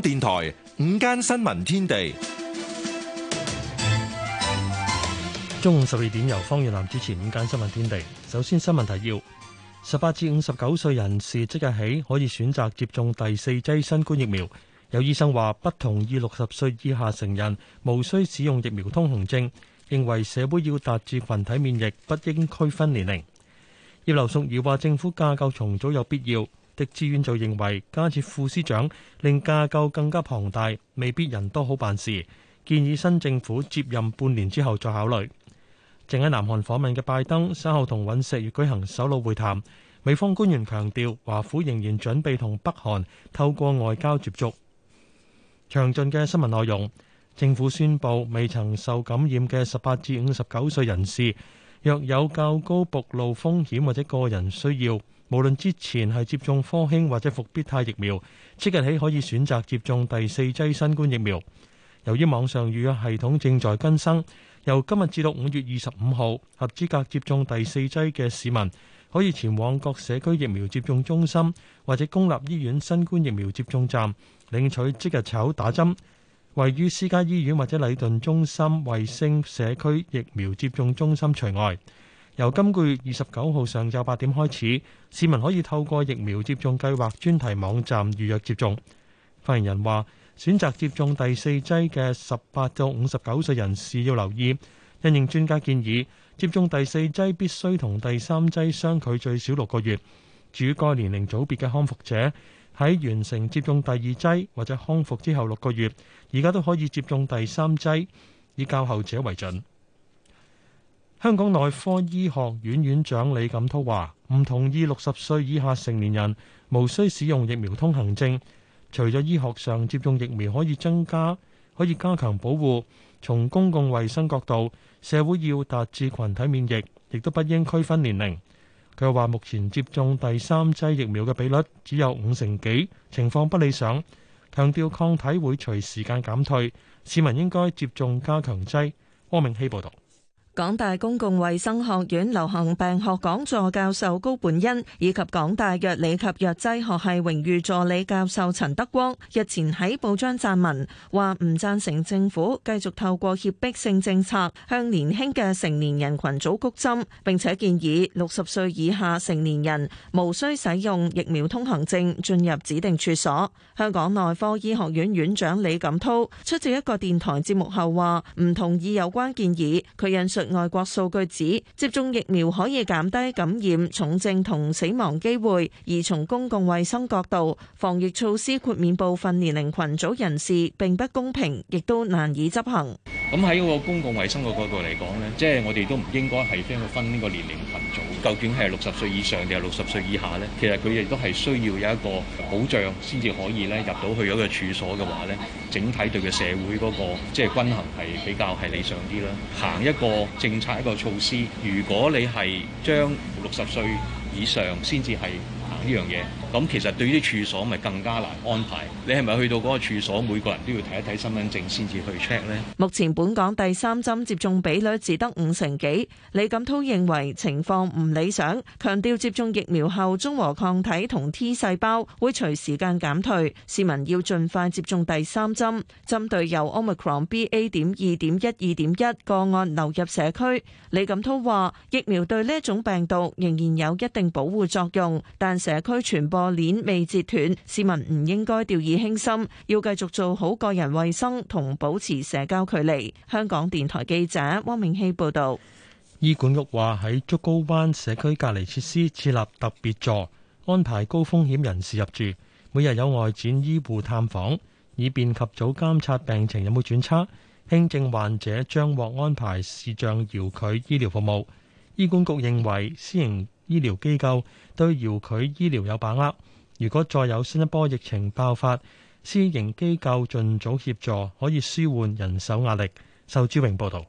電台午間新聞天地，中午十二點由方月南主持午間新聞天地。首先新聞提要：十八至五十九歲人士即日起可以選擇接種第四劑新冠疫苗。有醫生話不同意六十歲以下成人無需使用疫苗通行證，認為社會要達至群體免疫，不應區分年齡。葉劉淑儀話政府架構重組有必要。狄志遠就認為加設副司長令架構更加龐大，未必人多好辦事，建議新政府接任半年之後再考慮。正喺南韓訪問嘅拜登，稍後同尹錫悅舉行首腦會談。美方官員強調，華府仍然準備同北韓透過外交接觸。詳盡嘅新聞內容，政府宣布未曾受感染嘅十八至五十九歲人士，若有較高暴露風險或者個人需要。無論之前係接種科興或者復必泰疫苗，即日起可以選擇接種第四劑新冠疫苗。由於網上預約系統正在更新，由今日至到五月二十五號，合資格接種第四劑嘅市民可以前往各社區疫苗接種中心或者公立醫院新冠疫苗接種站領取即日籌打針，位於私家醫院或者禮頓中心、衛星社區疫苗接種中心除外。由今個月二十九號上晝八點開始，市民可以透過疫苗接種計劃專題網站預約接種。發言人話：選擇接種第四劑嘅十八到五十九歲人士要留意，因應專家建議，接種第四劑必須同第三劑相距最少六個月。至於該年齡組別嘅康復者，喺完成接種第二劑或者康復之後六個月，而家都可以接種第三劑，以較後者為準。香港內科醫學院院長李錦濤話，唔同意60港大公共衛生學院流行病學講座教授高本恩，以及港大藥理及藥劑學系榮譽助理教授陳德光日前喺報章撰文，話唔贊成政府繼續透過脅迫性政策向年輕嘅成年人群組谷針，並且建議六十歲以下成年人無需使用疫苗通行證進入指定處所。香港內科醫學院院長李錦濤出席一個電台節目後話，唔同意有關建議，佢引述。外國數據指接種疫苗，可以減低感染、重症同死亡機會，而從公共衛生角度，防疫措施豁免部分年齡群組人士並不公平，亦都難以執行。咁喺個公共衛生嘅角度嚟講呢，即係我哋都唔應該係將佢分呢個年齡群組，究竟係六十歲以上定係六十歲以下呢？其實佢哋都係需要有一個保障，先至可以咧入到去嗰個處所嘅話呢，整體對嘅社會嗰、那個即係、就是、均衡係比較係理想啲啦。行一個。政策一個措施，如果你係將六十歲以上先至係行呢樣嘢。咁其實對於啲處所咪更加難安排。你係咪去到嗰個處所，每個人都要睇一睇身份證先至去 check 呢？目前本港第三針接種比率只得五成幾。李錦滔認為情況唔理想，強調接種疫苗後中和抗體同 T 細胞會隨時間減退，市民要盡快接種第三針。針對由 Omicron BA. 點二點一二點一個案流入社區，李錦滔話疫苗對呢一種病毒仍然有一定保護作用，但社區傳播個鏈未截斷，市民唔應該掉以輕心，要繼續做好個人衛生同保持社交距離。香港電台記者汪明熙報道。醫管局話喺竹篙灣社區隔離設施設立特別座，安排高風險人士入住，每日有外展醫護探訪，以便及早監察病情有冇轉差。輕症患者將獲安排視像遙距醫療服務。醫管局認為私營醫療機構對遙距醫療有把握，如果再有新一波疫情爆發，私營機構盡早協助，可以舒緩人手壓力。受朱榮報導。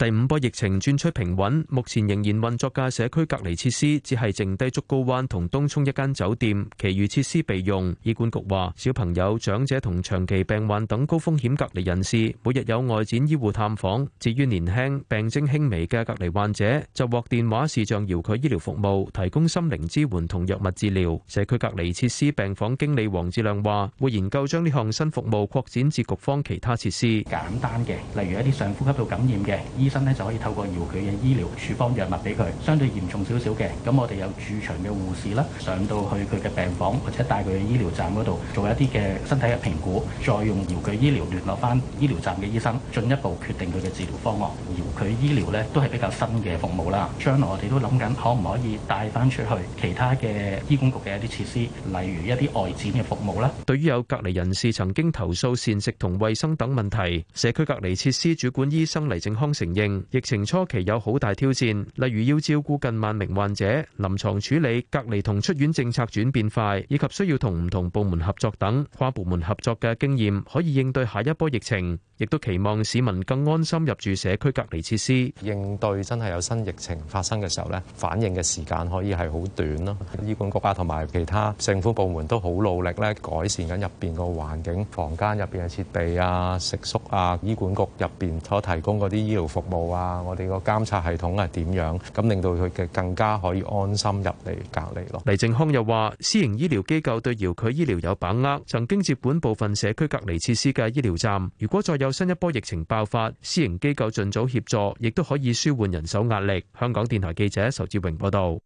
第五波疫情轉趨平穩，目前仍然運作嘅社區隔離設施，只係剩低竹篙灣同東涌一間酒店，其餘設施備用。醫管局話：小朋友、長者同長期病患等高風險隔離人士，每日有外展醫護探訪。至於年輕、病徵輕微嘅隔離患者，就獲電話視像遙距醫療服務，提供心靈支援同藥物治療。社區隔離設施病房經理黃志亮話：會研究將呢項新服務擴展至局方其他設施。簡單嘅，例如一啲上呼吸道感染嘅醫身咧就可以透過遙距嘅醫療處方藥物俾佢，相對嚴重少少嘅，咁我哋有駐場嘅護士啦，上到去佢嘅病房或者帶佢去醫療站嗰度做一啲嘅身體嘅評估，再用遙距醫療聯絡翻醫療站嘅醫生，進一步決定佢嘅治療方案。遙距醫療呢，都係比較新嘅服務啦，將來我哋都諗緊可唔可以帶翻出去其他嘅醫管局嘅一啲設施，例如一啲外展嘅服務啦。對於有隔離人士曾經投訴膳食同衞生等問題，社區隔離設施主管醫生黎正康承認。疫情初期有好大挑戰，例如要照顧近萬名患者，臨床處理、隔離同出院政策轉變快，以及需要同唔同部門合作等。跨部門合作嘅經驗可以應對下一波疫情，亦都期望市民更安心入住社區隔離設施。應對真係有新疫情發生嘅時候咧，反應嘅時間可以係好短咯。醫管局啊，同埋其他政府部門都好努力咧，改善緊入邊個環境、房間入邊嘅設備啊、食宿啊、醫管局入邊所提供嗰啲醫療服務。冇啊！我哋個監察系統係點樣，咁，令到佢嘅更加可以安心入嚟隔離咯。黎正康又話，私營醫療機構對遙距醫療有把握，曾經接管部分社區隔離設施嘅醫療站。如果再有新一波疫情爆發，私營機構盡早協助，亦都可以舒緩人手壓力。香港電台記者仇志榮報道。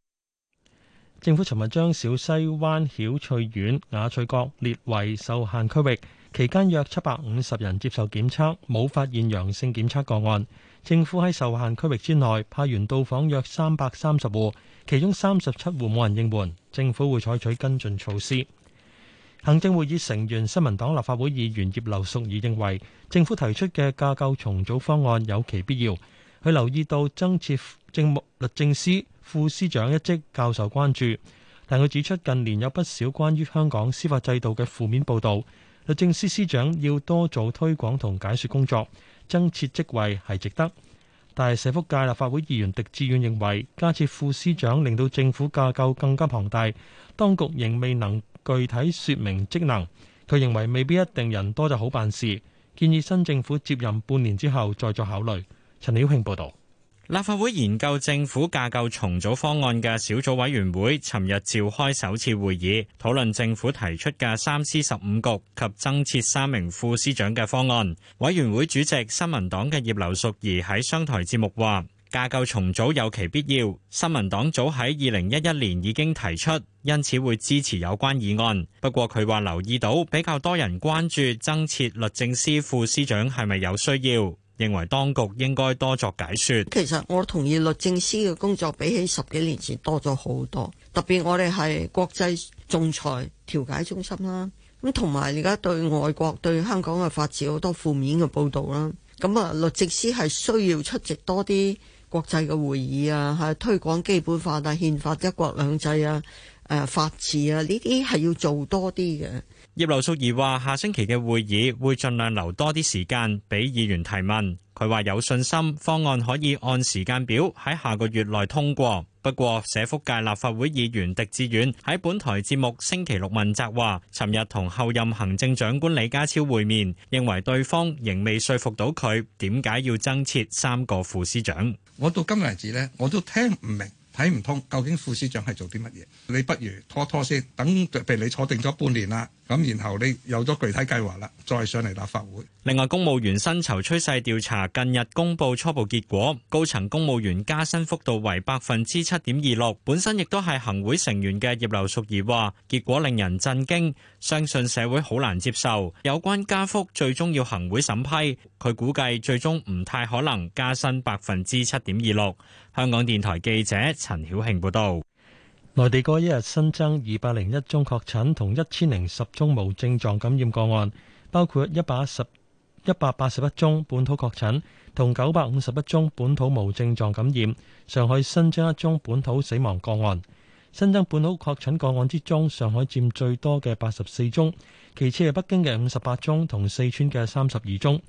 政府尋日將小西灣曉翠苑、雅翠閣列為受限區域，期間約七百五十人接受檢測，冇發現陽性檢測個案。政府喺受限區域之內派員到訪約三百三十戶，其中三十七戶冇人應門，政府會採取跟進措施。行政會議成員、新民黨立法會議員葉劉淑儀認為，政府提出嘅架構重組方案有其必要。佢留意到增設政務律政司副司長一職較受關注，但佢指出近年有不少關於香港司法制度嘅負面報導，律政司司長要多做推廣同解說工作。增設職位係值得，但係社福界立法會議員狄志遠認為加設副司長令到政府架構更加龐大，當局仍未能具體說明職能，佢認為未必一定人多就好辦事，建議新政府接任半年之後再作考慮。陳曉慶報道。立法會研究政府架構重組方案嘅小組委員會，尋日召開首次會議，討論政府提出嘅三司十五局及增設三名副司長嘅方案。委員會主席新民黨嘅葉劉淑儀喺商台節目話：架構重組有其必要，新民黨早喺二零一一年已經提出，因此會支持有關議案。不過佢話留意到比較多人關注增設律政司副司長係咪有需要。認為當局應該多作解說。其實我同意律政司嘅工作比起十幾年前多咗好多，特別我哋係國際仲裁調解中心啦，咁同埋而家對外國，對香港嘅法治好多負面嘅報道啦，咁啊律政司係需要出席多啲國際嘅會議啊，係推廣基本法啊、憲法一國兩制啊、誒法治啊，呢啲係要做多啲嘅。葉劉淑儀，睇唔通，究竟副司長係做啲乜嘢？你不如拖拖先，等俾你坐定咗半年啦，咁然後你有咗具體計劃啦，再上嚟立法會。另外，公務員薪酬趨勢調查近日公布初步結果，高層公務員加薪幅度為百分之七點二六。本身亦都係行會成員嘅葉劉淑儀話，結果令人震驚，相信社會好難接受。有關加幅最終要行會審批，佢估計最終唔太可能加薪百分之七點二六。香港電台記者陳曉慶報道，內地嗰一日新增二百零一宗確診，同一千零十宗無症狀感染個案，包括一百一十一百八十一宗本土確診，同九百五十一宗本土無症狀感染。上海新增一宗本土死亡個案，新增本土確診個案之中，上海佔最多嘅八十四宗，其次係北京嘅五十八宗，同四川嘅三十二宗。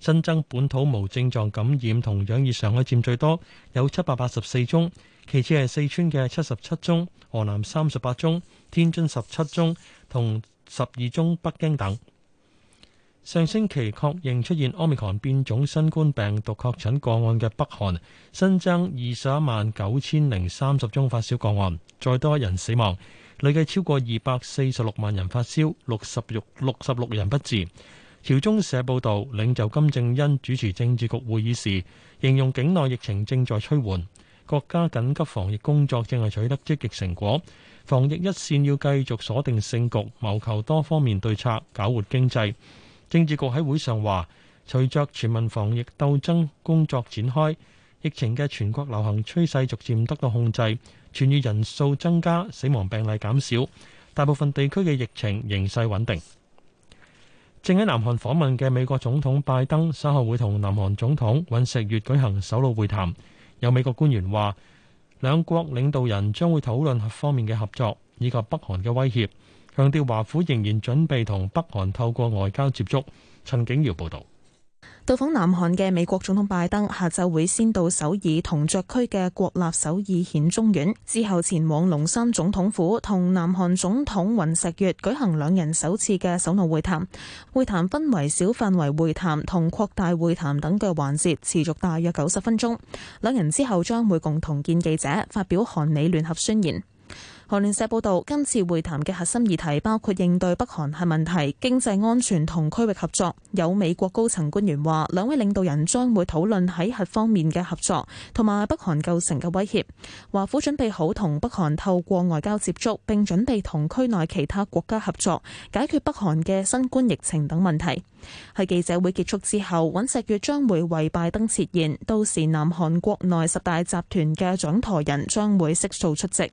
新增本土無症狀感染同樣以上海佔最多，有七百八十四宗，其次係四川嘅七十七宗、河南三十八宗、天津十七宗同十二宗北京等。上星期確認出現奧密克戎變種新冠病毒確診個案嘅北韓，新增二十一萬九千零三十宗發燒個案，再多人死亡，累計超過二百四十六萬人發燒，六十六六十六人不治。朝中社報導，領袖金正恩主持政治局會議時，形容境內疫情正在趨緩，國家緊急防疫工作正係取得積極成果。防疫一線要繼續鎖定勝局，謀求多方面對策，搞活經濟。政治局喺會上話，隨着全民防疫鬥爭工作展開，疫情嘅全國流行趨勢逐漸得到控制，傳染人數增加，死亡病例減少，大部分地區嘅疫情形勢穩定。正喺南韓訪問嘅美國總統拜登，稍後會同南韓總統尹錫悅舉行首腦會談。有美國官員話，兩國領導人將會討論各方面嘅合作以及北韓嘅威脅，強調華府仍然準備同北韓透過外交接觸。陳景耀報道。到訪南韓嘅美國總統拜登，下晝會先到首爾銅雀區嘅國立首爾顯忠院，之後前往龍山總統府同南韓總統尹錫悅舉行兩人首次嘅首腦會談。會談分為小範圍會談同擴大會談等嘅環節，持續大約九十分鐘。兩人之後將會共同見記者，發表韓美聯合宣言。韓聯社報導，今次會談嘅核心議題包括應對北韓核問題、經濟安全同區域合作。有美國高層官員話，兩位領導人將會討論喺核方面嘅合作同埋北韓構成嘅威脅。華府準備好同北韓透過外交接觸，並準備同區內其他國家合作解決北韓嘅新冠疫情等問題。喺記者會結束之後，尹錫悅將會為拜登設宴，到時南韓國內十大集團嘅掌舵人將會悉數出席。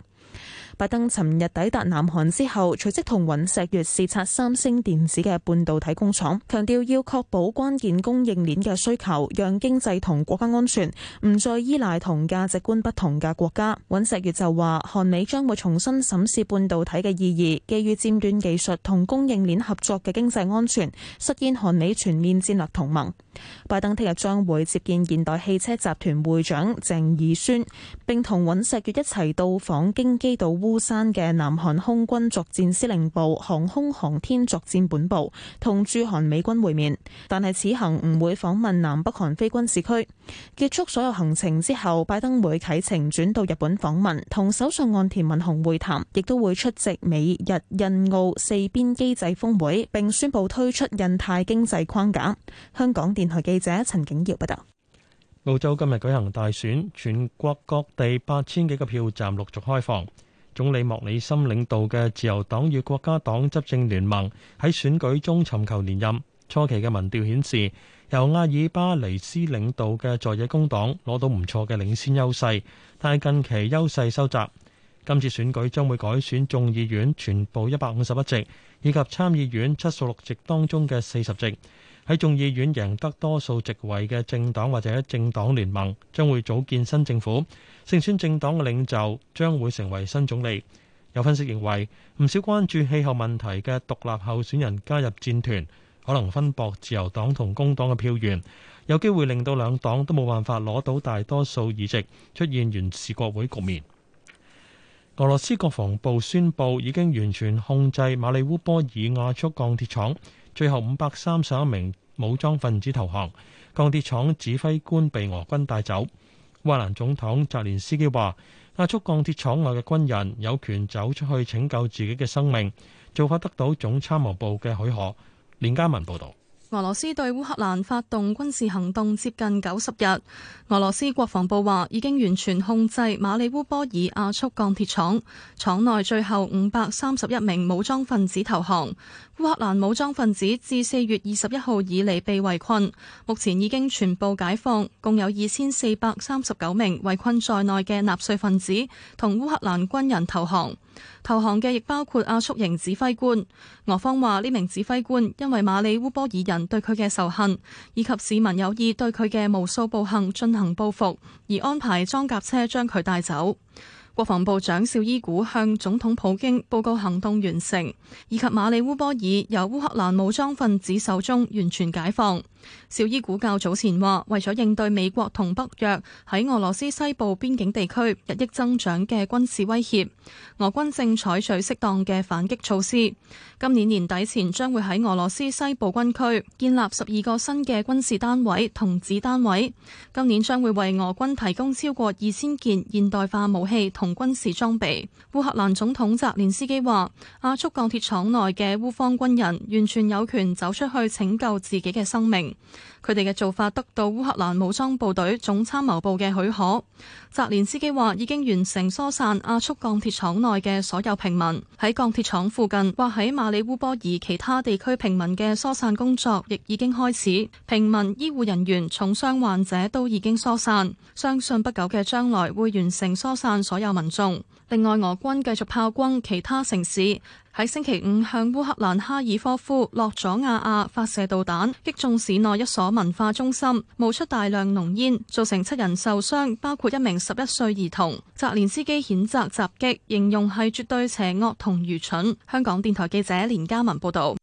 拜登尋日抵達南韓之後，隨即同尹錫悅視察三星電子嘅半導體工廠，強調要確保關鍵供應鏈嘅需求，讓經濟同國家安全唔再依賴同價值觀不同嘅國家。尹錫悅就話：韓美將會重新審視半導體嘅意義，基於尖端技術同供應鏈合作嘅經濟安全，實現韓美全面戰略同盟。拜登聽日將會接見現代汽車集團會長鄭義宣，並同尹錫悅一齊到訪京畿道。烏山嘅南韓空軍作戰司令部航空航天作戰本部同駐韓美軍會面，但係此行唔會訪問南北韓非軍事區。結束所有行程之後，拜登會啟程轉到日本訪問，同首相岸田文雄會談，亦都會出席美日印澳四邊機制峰會，並宣布推出印太經濟框架。香港電台記者陳景耀報道。澳洲今日舉行大選，全國各地八千幾個票站陸續開放。總理莫里森領導嘅自由黨與國家黨執政聯盟喺選舉中尋求連任。初期嘅民調顯示，由阿爾巴尼斯領導嘅在野工黨攞到唔錯嘅領先優勢，但係近期優勢收窄。今次選舉將會改選眾議院全部一百五十一席，以及參議院七十六席當中嘅四十席。喺眾議院贏得多數席位嘅政黨或者政黨聯盟將會組建新政府，勝選政黨嘅領袖將會成為新總理。有分析認為，唔少關注氣候問題嘅獨立候選人加入戰團，可能分薄自由黨同工黨嘅票源，有機會令到兩黨都冇辦法攞到大多數議席，出現懸峙國會局面。俄羅斯國防部宣布已經完全控制馬里烏波爾亞速鋼鐵廠。最後五百三十一名武裝分子投降，鋼鐵廠指揮官被俄軍帶走。烏蘭總統澤連斯基話：亞速鋼鐵廠內嘅軍人有權走出去拯救自己嘅生命，做法得到總參謀部嘅許可。連家文報道。俄羅斯對烏克蘭發動軍事行動接近九十日。俄羅斯國防部話，已經完全控制馬里烏波爾亞速鋼鐵廠，廠內最後五百三十一名武裝分子投降。烏克蘭武裝分子自四月二十一號以嚟被圍困，目前已經全部解放，共有二千四百三十九名圍困在內嘅納粹分子同烏克蘭軍人投降。投降嘅亦包括阿速營指揮官，俄方話呢名指揮官因為馬里烏波爾人對佢嘅仇恨以及市民有意對佢嘅無數暴行進行報復，而安排裝甲車將佢帶走。國防部長紹伊古向總統普京報告行動完成，以及馬里烏波爾由烏克蘭武裝分子手中完全解放。紹伊古較早前話，為咗應對美國同北約喺俄羅斯西部邊境地區日益增長嘅軍事威脅，俄軍正採取適當嘅反擊措施。今年年底前將會喺俄羅斯西部軍區建立十二個新嘅軍事單位同子單位。今年將會為俄軍提供超過二千件現代化武器同軍事裝備。烏克蘭總統澤連斯基話：亞速鋼鐵廠內嘅烏方軍人完全有權走出去拯救自己嘅生命。佢哋嘅做法得到烏克蘭武裝部隊總參謀部嘅許可。澤連斯基話已經完成疏散亞速鋼鐵廠內嘅所有平民，喺鋼鐵廠附近或喺馬里烏波爾其他地區平民嘅疏散工作亦已經開始。平民、醫護人員、重傷患者都已經疏散，相信不久嘅將來會完成疏散所有民眾。另外，俄軍繼續炮轟其他城市，喺星期五向烏克蘭哈爾科夫、洛佐亞亞發射導彈，擊中市內一所文化中心，冒出大量濃煙，造成七人受傷，包括一名十一歲兒童。澤連斯基譴責襲擊，形容係絕對邪惡同愚蠢。香港電台記者連家文報導。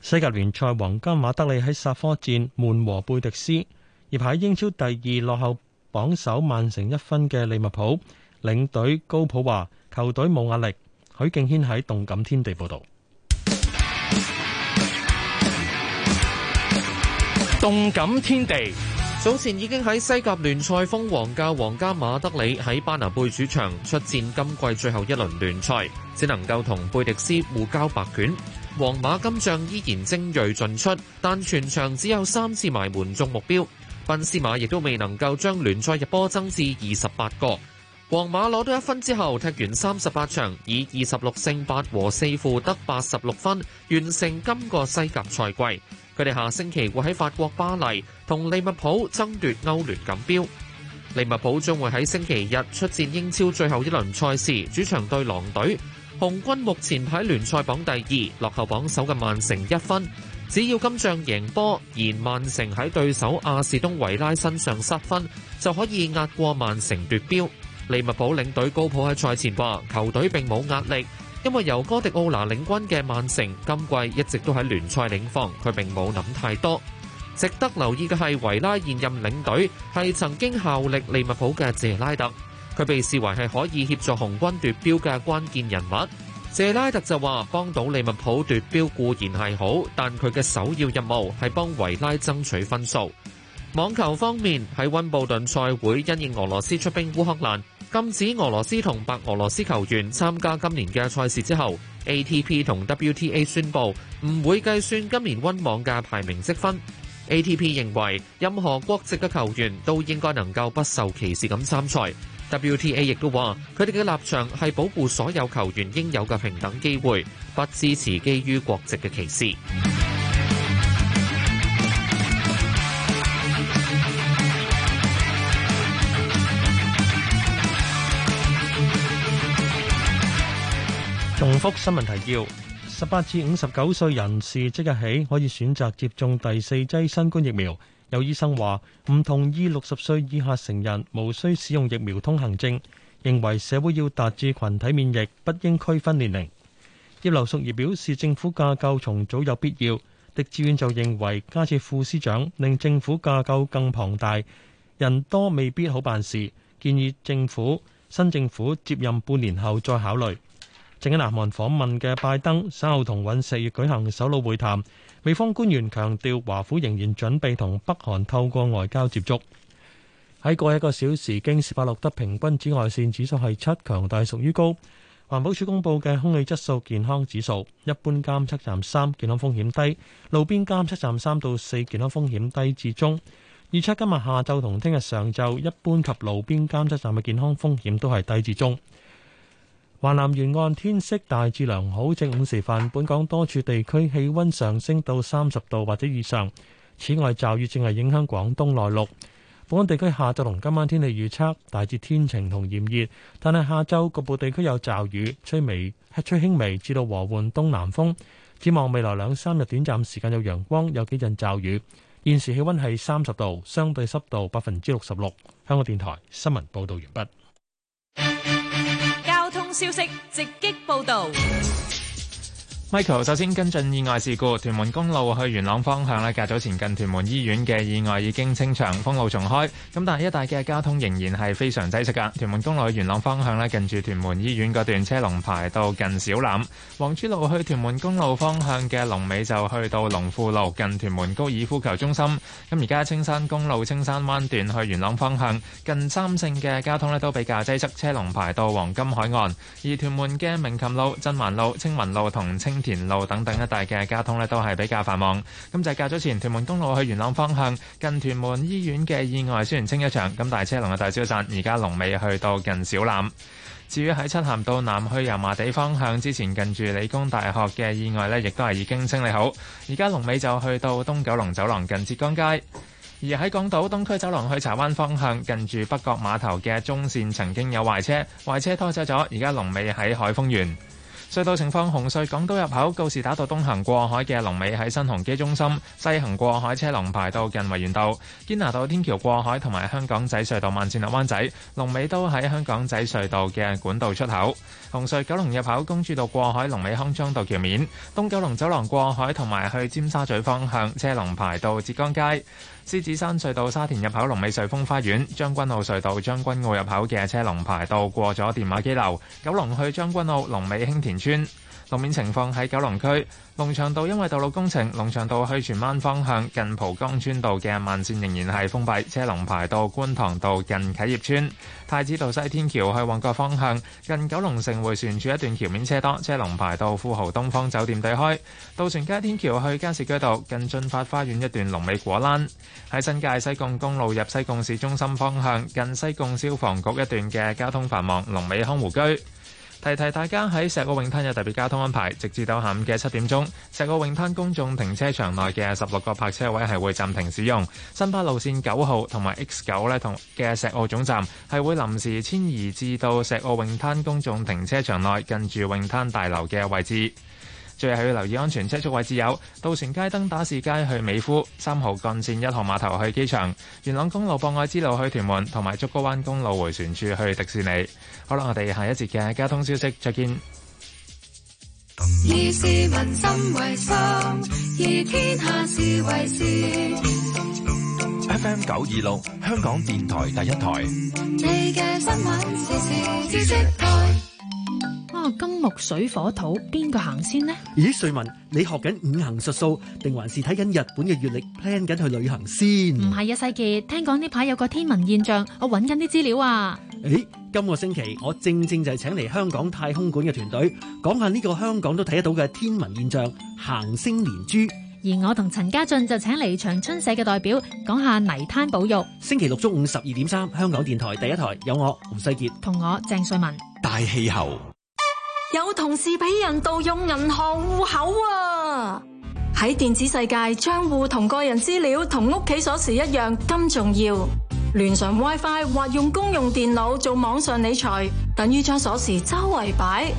西甲聯賽，皇家馬德里喺煞科戰悶和貝迪斯，而排英超第二、落後榜首曼城一分嘅利物浦。領隊高普話球隊冇壓力。許敬軒喺動感天地報道。動感天地，早前已經喺西甲聯賽封王嘅皇家馬德里喺巴拿貝主場出戰今季最後一輪聯賽，只能夠同貝迪斯互交白卷。皇馬金像依然精銳盡出，但全場只有三次埋門中目標。賓斯馬亦都未能夠將聯賽入波增至二十八個。皇馬攞到一分之後，踢完三十八場，以二十六勝八和四負得八十六分，完成今個西甲賽季。佢哋下星期會喺法國巴黎同利物浦爭奪歐聯錦標。利物浦將會喺星期日出戰英超最後一輪賽事，主場對狼隊。紅軍目前喺聯賽榜第二，落後榜首嘅曼城一分。只要今仗贏波，而曼城喺對手阿士東維拉身上失分，就可以壓過曼城奪標。利物浦領隊高普喺賽前話：球隊並冇壓力，因為由哥迪奧拿領軍嘅曼城今季一直都喺聯賽領放，佢並冇諗太多。值得留意嘅係維拉現任領隊係曾經效力利物浦嘅謝拉特，佢被視為係可以協助紅軍奪標嘅關鍵人物。謝拉特就話：幫到利物浦奪標固然係好，但佢嘅首要任務係幫維拉爭取分數。網球方面，喺溫布頓賽會因應俄羅斯出兵烏克蘭禁止俄羅斯同白俄羅斯球員參加今年嘅賽事之後，ATP 同 WTA 宣布唔會計算今年溫網嘅排名積分。ATP 認為任何國籍嘅球員都應該能夠不受歧視咁參賽。WTA 亦都話佢哋嘅立場係保護所有球員應有嘅平等機會，不支持基於國籍嘅歧視。福新聞提要：十八至五十九歲人士即日起可以選擇接種第四劑新冠疫苗。有醫生話唔同意六十歲以下成人無須使用疫苗通行證，認為社會要達至群體免疫，不應區分年齡。葉劉淑儀表示，政府架構重組有必要。狄志遠就認為，加設副司長令政府架構更龐大，人多未必好辦事，建議政府、新政府接任半年後再考慮。正喺南韓訪問嘅拜登稍後同尹錫悅舉行首腦會談，美方官員強調華府仍然準備同北韓透過外交接觸。喺過去一個小時，京士柏錄得平均紫外線指數係七，強大屬於高。環保署公佈嘅空氣質素健康指數，一般監測站三，健康風險低；路邊監測站三到四，健康風險低至中。預測今日下晝同聽日上晝，一般及路邊監測站嘅健康風險都係低至中。華南沿岸天色大致良好，正午時分，本港多處地區氣溫上升到三十度或者以上。此外，驟雨正係影響廣東內陸。本港地區下晝同今晚天氣預測大致天晴同炎熱，但係下晝局部地區有驟雨，吹微，吹輕微至到和緩東南風。展望未來兩三日短暫時間有陽光，有幾陣驟雨。現時氣溫係三十度，相對濕度百分之六十六。香港電台新聞報道完畢。消息直擊報道。Michael，首先跟進意外事故，屯門公路去元朗方向咧，較早前近屯門醫院嘅意外已經清場，封路重開，咁但係一帶嘅交通仍然係非常擠塞噶。屯門公路去元朗方向咧，近住屯門醫院嗰段車龍排到近小欖。黃珠路去屯門公路方向嘅龍尾就去到龍富路，近屯門高爾夫球中心。咁而家青山公路青山灣段去元朗方向，近三聖嘅交通都比較擠塞，車龍排到黃金海岸。而屯門嘅明琴路、真環路、青雲路同青.田路等等一帶嘅交通呢都係比較繁忙。咁就係較早前屯門公路去元朗方向近屯門醫院嘅意外，雖然清一場，咁大車龍嘅大消散，而家龍尾去到近小欖。至於喺漆咸道南去油麻地方向，之前近住理工大學嘅意外呢亦都係已經清理好，而家龍尾就去到東九龍走廊近浙江街。而喺港島東區走廊去柴灣方向，近住北角碼頭嘅中線曾經有壞車，壞車拖走咗，而家龍尾喺海峰園。隧道情況：紅隧港島入口告士打道東行過海嘅龍尾喺新鴻基中心，西行過海車龍排到近維園道；堅拿道天橋過海同埋香港仔隧道慢線立灣仔龍尾都喺香港仔隧道嘅管道出口。紅隧九龍入口公主道過海龍尾康莊道橋面，東九龍走廊過海同埋去尖沙咀方向車龍排到浙江街。獅子山隧道沙田入口龍美峰，龍尾瑞峰花園。將軍澳隧道將軍澳入口嘅車龍排到過咗電話機樓；九龍去將軍澳，龍尾興田村。路面情況喺九龍區龍翔道，因為道路工程，龍翔道去荃灣方向近蒲崗村道嘅慢線仍然係封閉，車龍排到觀塘道近啟業村；太子道西天橋去旺角方向近九龍城迴旋處一段橋面車多，車龍排到富豪東方酒店對開；渡船街天橋去加士居道近駿發花園一段龍尾果欄。喺新界西貢公路入西貢市中心方向近西貢消防局一段嘅交通繁忙，龍尾康湖居。提提大家喺石澳泳灘有特別交通安排，直至到下午嘅七點鐘，石澳泳灘公眾停車場內嘅十六個泊車位係會暫停使用。新巴路線九號同埋 X 九咧同嘅石澳總站係會臨時遷移至到石澳泳灘公眾停車場內近住泳灘大樓嘅位置。最後要留意安全車速位置有：渡船街、登打士街、去美孚三號幹線一號碼頭、去機場、元朗公路博愛之路、去屯門同埋竹篙灣公路回旋處、去迪士尼。好啦，我哋下一節嘅交通消息，再見。以市民心為心，以天下事為事。F M 九二六， FM926, 香港電台第一台。 你嘅新聞時事資訊台。金木水火土邊個行先呢？咦，瑞文，你學緊五行術數，定還是睇緊日本嘅月曆 plan 緊去旅行先？唔係啊，世杰，聽講呢排有個天文現象，我揾緊啲資料啊。誒，今個星期我正正就係請嚟香港太空館嘅團隊講下呢個香港都睇得到嘅天文現象行星連珠。而我同陳家俊就請嚟長春社嘅代表講下泥灘保育。星期六中午十二點三，香港電台第一台有我吳世杰同我鄭瑞文大氣候。有同事俾人盜用銀行戶口啊！喺電子世界，賬戶同個人資料同屋企鎖匙一樣咁重要。連上 WiFi 或用公用電腦做網上理財，等於將鎖匙周圍擺，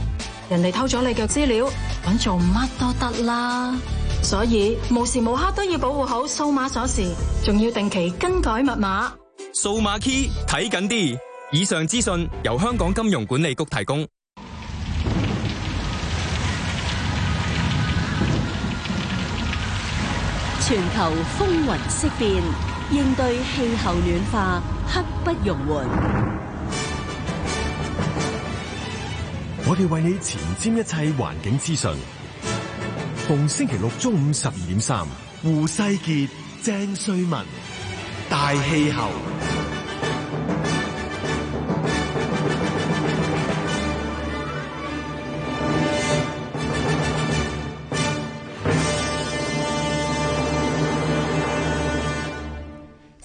人哋偷咗你嘅資料，搵做乜都得啦。所以無時無刻都要保護好數碼鎖匙，仲要定期更改密碼。數碼 key 睇緊啲。以上資訊由香港金融管理局提供。全球風雲色變，應對氣候暖化刻不容緩。我哋為你前瞻一切環境資訊，逢星期六中午十二點三，胡世傑、鄭瑞文，大氣候。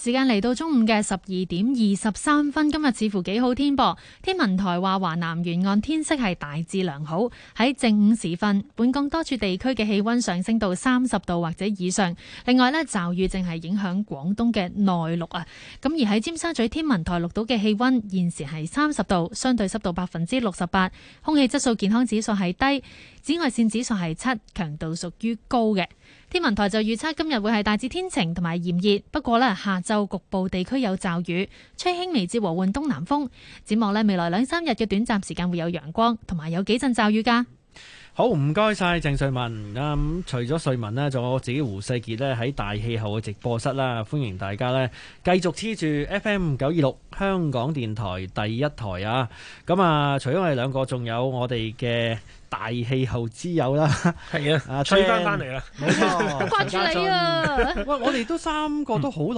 時間嚟到中午嘅十二點二十三分，今日似乎幾好天噃。天文台話華南沿岸天色係大致良好。喺正午時分，本港多處地區嘅氣溫上升到三十度或者以上。另外，呢驟雨正係影響廣東嘅內陸啊。咁而喺尖沙咀天文台錄到嘅氣溫現時係三十度，相對濕度百分之六十八，空氣質素健康指數係低，紫外線指數係七，強度屬於高嘅。天文台就預測今日會係大致天晴同埋炎熱，不過呢，下晝局部地區有驟雨，吹輕微至和緩東南風。展望呢未來兩三日嘅短暫時間會有陽光同埋有幾陣驟雨噶。好，唔該晒鄭瑞文啊、嗯！除咗瑞文呢，仲有我自己胡世傑呢，喺大氣候嘅直播室啦，歡迎大家呢，繼續黐住 FM 九二六香港電台第一台啊！咁、嗯、啊，除咗我哋兩個，仲有我哋嘅。大氣候之友啦，係啊，啊，吹翻翻嚟啦，冇錯，好掛住你啊！ 家俊 喂，我哋都三個都好。嗯